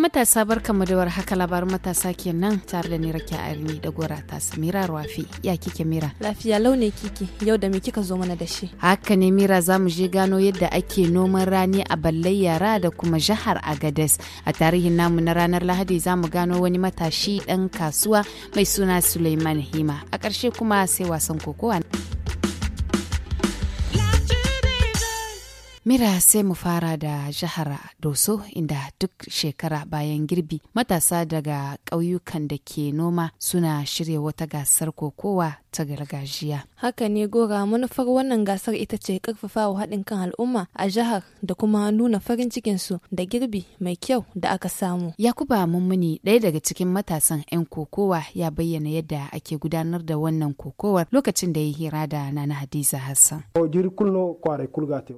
matasa matasa barkanmu da war haka labarin matasa kenan tare da ni rake a arni da gora ta samira rafi ya kike mira lafiya launi kike yau da me kika zo mana da shi haka ne mira za mu je gano yadda ake noman rani a ballai yara da kuma jihar agades a tarihin namu na ranar lahadi za mu gano wani matashi dan kasuwa mai suna suleiman hima a karshe kuma sai wasan kokowa Mira sai mu fara da jihar Doso inda duk shekara bayan girbi matasa daga ƙauyukan da ke noma suna shirya wata gasar kokowa ta gargajiya. Haka ne gora manufar wannan gasar ita ce wa haɗin kan al'umma a jihar da kuma nuna farin cikinsu da girbi mai kyau da aka samu. Yakuba Mummuni ɗaya daga cikin matasan 'yan kokowa ya bayyana yadda ake gudanar da wannan kokowar lokacin da ya hira da Nana Hadiza Hassan.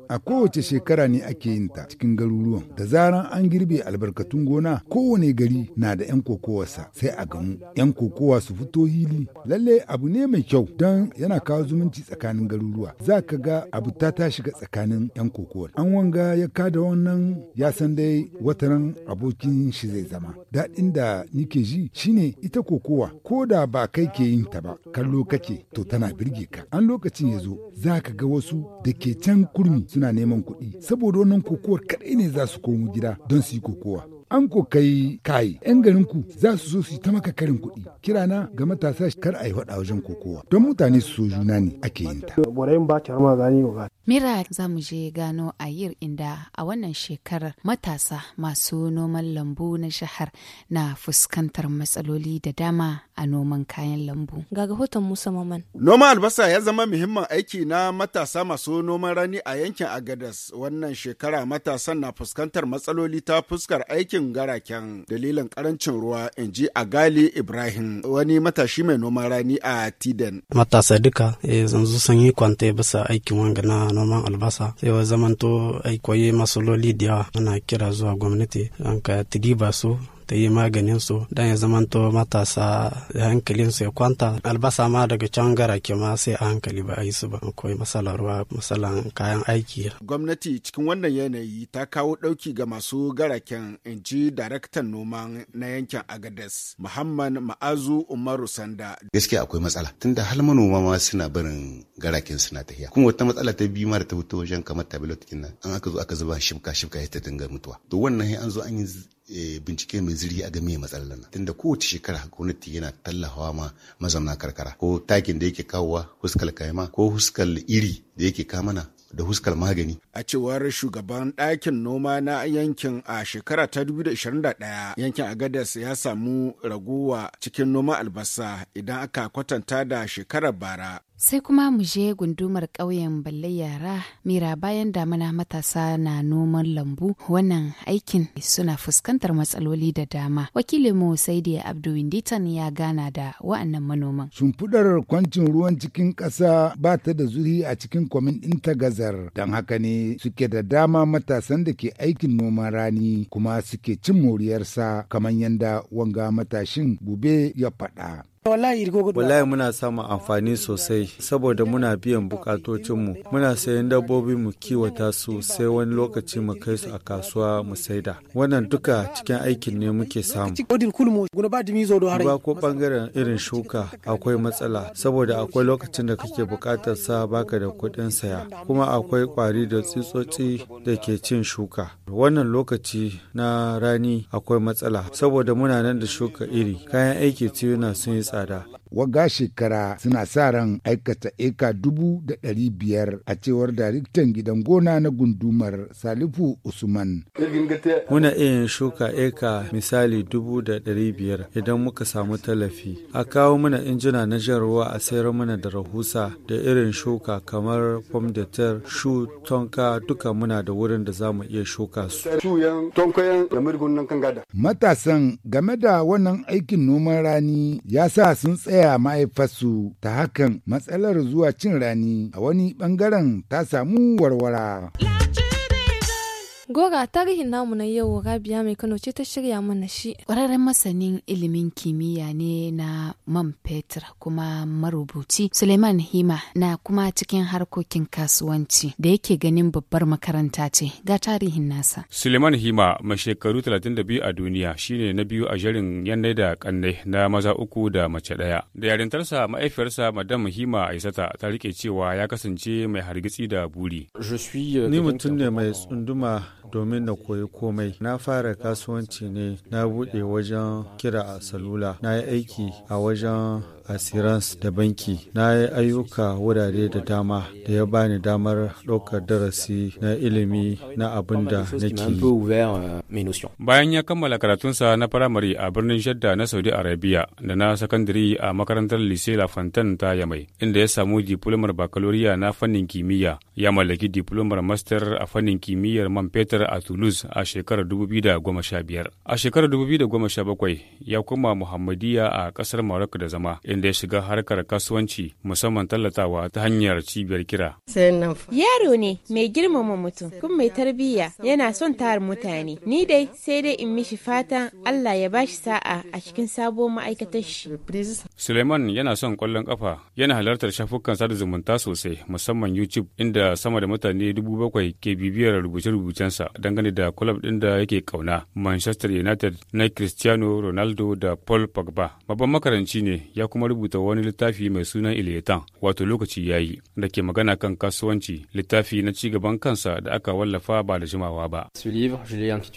A wace shekara ne ake yin ta cikin garuruwan. Da zaran an girbe albarkatun gona kowane gari na da 'yan kokowarsa sai a gamu. 'Yan kokowa su fito hili. Lalle abu ne mai kyau don yana kawo zumunci tsakanin garuruwa. Za ka ga abu ta ta shiga tsakanin 'yan kokowa. An wanga ya da wannan ya san dai wataran abokin shi zai zama. Daɗin da nike ji shine ita kokowa ko da ba kai ke yin ta ba kallo kake to tana birge ka. An lokacin ya zo za ka ga wasu da ke can kurmi suna neman kuɗi saboda wannan kokowar kaɗai ne za su komo gida don su yi kokowa an ko kai kai yan garin ku za su so su ta maka karin kuɗi kirana ga matasa kar a yi faɗa wajen kokowa don mutane su so juna ne ake yin ta mira za mu je gano a yir inda a wannan shekarar matasa masu noman lambu na shahar na fuskantar matsaloli da dama a noman kayan lambu ga rahoton musa maman noman albasa ya zama muhimmin aiki na matasa masu noman rani a yankin agadas wannan shekara matasan na fuskantar matsaloli ta fuskar aikin cin garaken dalilin karancin ruwa in ji gali ibrahim wani matashi mai noman rani a tiden matasa duka eh, yanzu sun yi kwanta bisa aikin wanga na noman albasa sai wa zamanto aikwaye loli da yawa ana kira zuwa gwamnati an ka ba su ta yi maganin su dan ya zamanto matasa hankalin su ya kwanta albasa ma daga can garake ma sai a hankali ba a yi su ba akwai matsalar ruwa kayan aiki gwamnati cikin wannan yanayi ta kawo dauki ga masu garaken in ji daraktan noman na yankin agadas muhammad ma'azu umaru sanda gaskiya akwai matsala tunda hal manoma ma suna barin garaken suna tafiya. kuma wata matsala ta biyu ma da ta fito wajen kamar tablet nan an aka zo aka zuba shibka shibka ya ta dinga mutuwa to wannan an zo an yi Eh, bincike mai zirgi a game matsalar nan tunda kowace shekara gwamnati yana tallafawa ma mazauna karkara ko takin da yake kawowa huskal kaima ko huskal iri da yake kamana da huskar magani. A cewar shugaban ɗakin noma na yankin a shekara ta 2021 yankin Agadas ya samu raguwa cikin noman albasa idan aka kwatanta da shekarar bara. Sai kuma mu je gundumar ƙauyen balle yara mira bayan damuna matasa na noman lambu wannan aikin suna fuskantar matsaloli da dama. Wakilin mu Saidi Abdu Winditan ya gana da wa'annan manoman. shimfidar kwancin ruwan cikin ƙasa ba ta da zuri a cikin kwamin ɗin ta gazar. Don haka ne suke da dama matasan da ke aikin noman rani kuma suke cin moriyarsa kamar yadda wanga matashin bube ya faɗa. Wallahi muna samun amfani sosai saboda muna biyan bukatocinmu muna sayan dabbobi mu kiwata su sai wani lokaci mu kai su a kasuwa mu saida wannan duka cikin aikin ne muke samu. Ba ko bangaren irin shuka akwai matsala saboda akwai lokacin da kake bukatar sa baka da kuɗin saya kuma akwai kwari da tsutsotsi da ke cin shuka wannan lokaci na rani akwai matsala saboda muna nan da shuka iri kayan aiki tiyuna sun yi tsada Waga shekara suna sa ran aikata eka dubu da ɗari biyar a cewar daraktan gidan gona na gundumar Salifu Usman. Muna iya shuka eka misali dubu da ɗari biyar idan muka samu tallafi. A kawo mana injina na jan ruwa a sayar mana da rahusa da irin shuka kamar pom de ter, shu, tonka duka muna da wurin da za mu iya shuka su. Matasan game da wannan aikin noman rani ya sa sun tsaya raya mahaifarsu ta hakan matsalar zuwa cin rani a wani bangaren ta samu warwara. goga tarihin namu na yau Rabia mai Kano ce ta shirya mana shi. Ƙwararren masanin ilimin kimiyya ne na man fetur kuma marubuci Suleiman Hima na kuma cikin harkokin kasuwanci da yake ganin babbar makaranta ce ga tarihin nasa. Suleiman Hima mai shekaru 32 a duniya shine na biyu a jerin yanayi da kannai na maza uku da mace ɗaya. Da yarintarsa ma'aifiyarsa Madam Hima Aisata ta rike cewa ya kasance mai hargitsi da buri. Eh, Ni mutum ne mai tsunduma domin na koyi komai na fara kasuwanci ne na buɗe wajen kira a salula na yi aiki a wajen asirans da banki na yi ayyuka wurare da dama da ya bani damar ɗaukar darasi na ilimi na abin da nake euh, bayan ya kammala karatunsa na firamare a birnin shadda na saudi arabia da na sakandare a makarantar lycée la ta yamai inda ya samu diplomar bakaloriya na fannin kimiyya ya mallaki diplomar master a fannin kimiyyar man fetur ƙasar a Toulouse a shekarar 2015. A shekarar 2017 ya koma Muhammadiyya a kasar Morocco da zama inda ya shiga harkar kasuwanci musamman tallatawa ta hanyar cibiyar kira. Yaro ne mai girmama mutum kuma mai tarbiyya yana son tayar mutane. Ni dai sai dai in mishi fatan Allah ya bashi sa'a a cikin sabuwar ma'aikatar shi. Suleiman yana son kwallon kafa yana halartar shafukan sada zumunta sosai musamman YouTube inda sama da mutane dubu bakwai ke bibiyar rubuce-rubucensa. ra'ayinsa dangane da kulab din da yake kauna Manchester United na Cristiano Ronaldo da Paul Pogba. Babban makaranci ne ya kuma rubuta wani littafi mai sunan Iletan wato lokaci ya yi da ke magana kan kasuwanci littafi na cigaban kansa da aka wallafa ba da jimawa ba.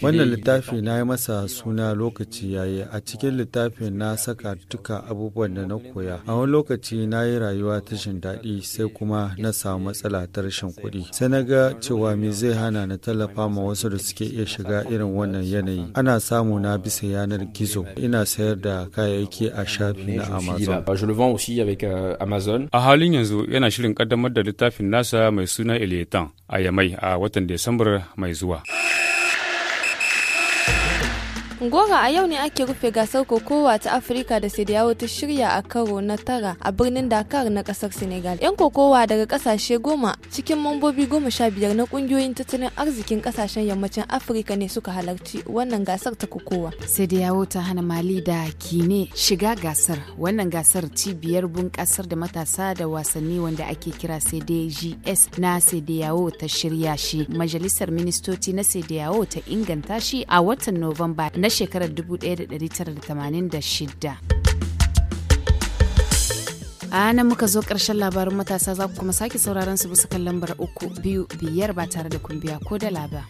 Wannan littafi na yi masa suna lokaci yayi a cikin littafin na saka duka abubuwan da na koya. A wani lokaci na yi rayuwa ta jin daɗi sai kuma na samu matsala ta rashin kuɗi. Sai na ga cewa me zai hana na tallafa kama wasu da suke iya shiga irin wannan yanayi ana samu na bisa yanar gizo ina sayar da kayayyaki a shafi na amazon euh, a halin yanzu yana shirin kaddamar da littafin nasa mai suna iletan a yamai a watan desambar mai zuwa goma a yau ne ake rufe gasar kokowa ta Afirka da Sidiyawo ta shirya a karo na tara a birnin Dakar na kasar Senegal. 'Yan kokowa daga kasashe goma cikin mambobi goma sha biyar na kungiyoyin tattalin arzikin kasashen yammacin Afirka ne suka halarci wannan gasar ta kokowa. Sidiyawo ta hana Mali da Kine shiga gasar. Wannan gasar cibiyar bunƙasar da matasa da wasanni wanda ake kira sdgs na Sidiyawo ta shirya shi. Majalisar Ministoci na Sidiyawo ta inganta shi a watan Nuwamba na shekarar 1986 a nan muka zo ƙarshen labarin matasa za ku kuma sake sauraron su bisa kan lambar uku biyu biyar ba tare da kumbiya ko da laba.